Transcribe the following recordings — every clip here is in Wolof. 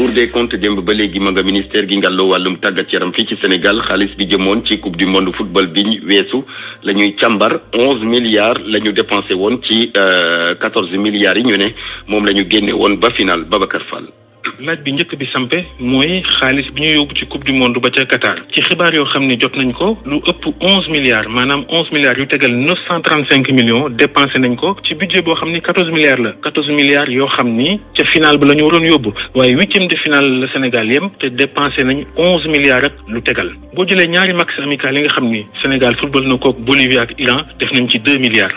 Cour des comptes démb ba léegi ma nga ministère gi ngàlloo wàllum tàggat yaram fii ci Sénégal xaalis bi jëmoon ci coupe du monde football biñ weesu la ñuy càmbar onze milliards la ñu dépensé woon ci euh, quatorze milliards yi ñu ne moom la ñu génne woon ba final Babacar Fall. laaj bi njëkk bi sampe mooy xaalis bi ñu yóbbu ci coupe du monde ba ca Qatar ci xibaar yoo xam ne jot nañ ko lu ëpp onze milliards maanaam onze milliards yu tegal neuf cent trente cinq millions dépensé nañ ko ci budget boo xam ne quatorze milliards la quatorze milliards yoo xam ni ca final ba la ñu waroon yóbbu waaye huitième de finale la Sénégal yem te dépensé nañ onze milliards ak lu tegal boo jëlee ñaari match amical yi nga xam ni Sénégal football na kook Bolivie ak Iran def nañ ci deux milliards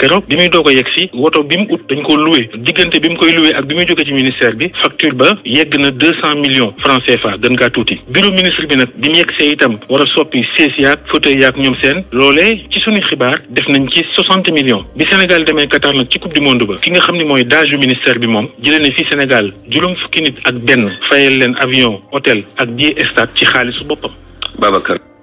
keroog bi muy doo ko yegg si woto bi mu ut dañ ko loué diggante bi mu koy loué ak bi muy jóge ci ministère bi facture ba yegg na deux cent millions francs CFA gën kaa tuuti bureau ministre bi nag bi mu yegg itam war a soppi sees yaag fauteuil yaag ñoom seen loole ci suñu xibaar def nañ ci soixante millions bi Sénégal demee Qatar nag ci coupe du monde ba ki nga xam ne mooy daaju ministère bi moom jële ne fii Sénégal juróom fukki nit ak benn fayal leen avion hôtel ak billet stade ci xaalisu boppam Babacar